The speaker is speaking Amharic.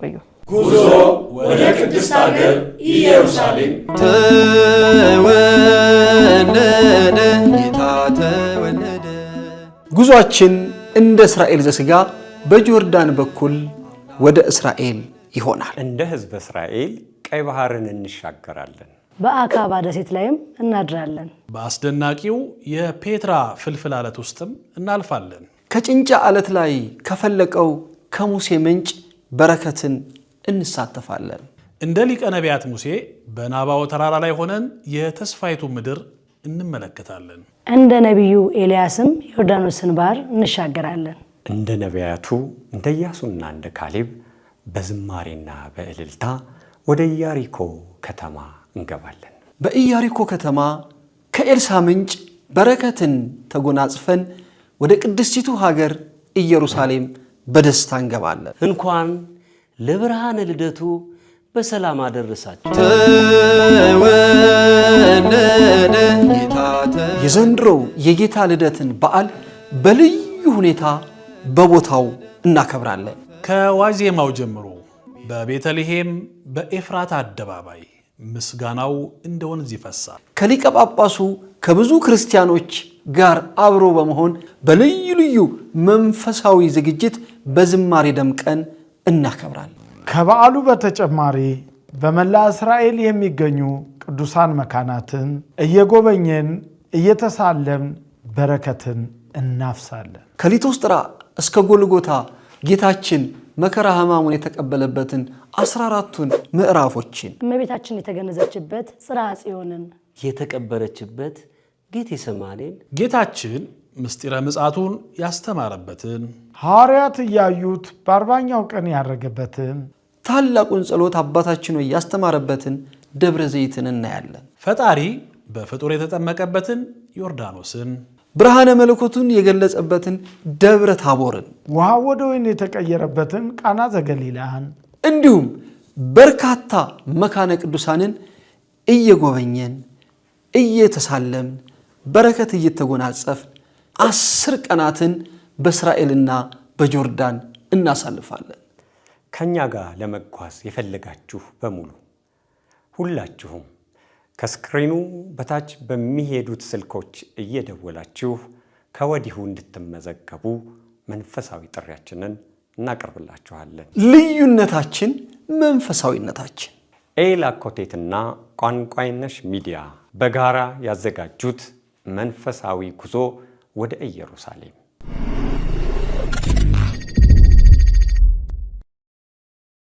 ቆዩ። ጉዞ ወደ ቅድስት ሀገር ኢየሩሳሌም። ተወለደ ጌታ ተወለደ። ጉዞአችን እንደ እስራኤል ዘስጋ በጆርዳን በኩል ወደ እስራኤል ይሆናል። እንደ ህዝብ እስራኤል ቀይ ባህርን እንሻገራለን። በአካባ ደሴት ላይም እናድራለን። በአስደናቂው የፔትራ ፍልፍል አለት ውስጥም እናልፋለን። ከጭንጫ አለት ላይ ከፈለቀው ከሙሴ ምንጭ በረከትን እንሳተፋለን። እንደ ሊቀ ነቢያት ሙሴ በናባው ተራራ ላይ ሆነን የተስፋይቱ ምድር እንመለከታለን። እንደ ነቢዩ ኤልያስም ዮርዳኖስን ባህር እንሻገራለን። እንደ ነቢያቱ እንደ ኢያሱና እንደ ካሌብ በዝማሬና በእልልታ ወደ ኢያሪኮ ከተማ እንገባለን። በኢያሪኮ ከተማ ከኤልሳ ምንጭ በረከትን ተጎናጽፈን ወደ ቅድስቲቱ ሀገር ኢየሩሳሌም በደስታ እንገባለን። እንኳን ለብርሃነ ልደቱ በሰላም አደረሳችሁ። የዘንድሮው የጌታ ልደትን በዓል በልዩ ሁኔታ በቦታው እናከብራለን። ከዋዜማው ጀምሮ በቤተልሔም በኤፍራት አደባባይ ምስጋናው እንደ ወንዝ ይፈሳል። ከሊቀ ጳጳሱ ከብዙ ክርስቲያኖች ጋር አብሮ በመሆን በልዩ ልዩ መንፈሳዊ ዝግጅት በዝማሬ ደምቀን እናከብራለን። ከበዓሉ በተጨማሪ በመላ እስራኤል የሚገኙ ቅዱሳን መካናትን እየጎበኘን እየተሳለምን በረከትን እናፍሳለን። ከሊቶስጥራ እስከ ጎልጎታ ጌታችን መከራ ሕማሙን የተቀበለበትን አስራ አራቱን ምዕራፎችን እመቤታችን የተገነዘችበት ጽርሐ ጽዮንን የተቀበረችበት ጌት ጌታችን ምስጢረ ምጽአቱን ያስተማረበትን ሐዋርያት እያዩት በአርባኛው ቀን ያረገበትን ታላቁን ጸሎት አባታችን ሆይ ያስተማረበትን ደብረ ዘይትን እናያለን። ፈጣሪ በፍጡር የተጠመቀበትን ዮርዳኖስን፣ ብርሃነ መለኮቱን የገለጸበትን ደብረ ታቦርን፣ ውሃ ወደ ወይን የተቀየረበትን ቃና ዘገሊላህን፣ እንዲሁም በርካታ መካነ ቅዱሳንን እየጎበኘን እየተሳለምን በረከት እየተጎናጸፍን አስር ቀናትን በእስራኤልና በጆርዳን እናሳልፋለን። ከእኛ ጋር ለመጓዝ የፈለጋችሁ በሙሉ ሁላችሁም ከስክሪኑ በታች በሚሄዱት ስልኮች እየደወላችሁ ከወዲሁ እንድትመዘገቡ መንፈሳዊ ጥሪያችንን እናቀርብላችኋለን። ልዩነታችን መንፈሳዊነታችን ኤላ ኮቴትና ቋንቋይነሽ ሚዲያ በጋራ ያዘጋጁት መንፈሳዊ ጉዞ ወደ ኢየሩሳሌም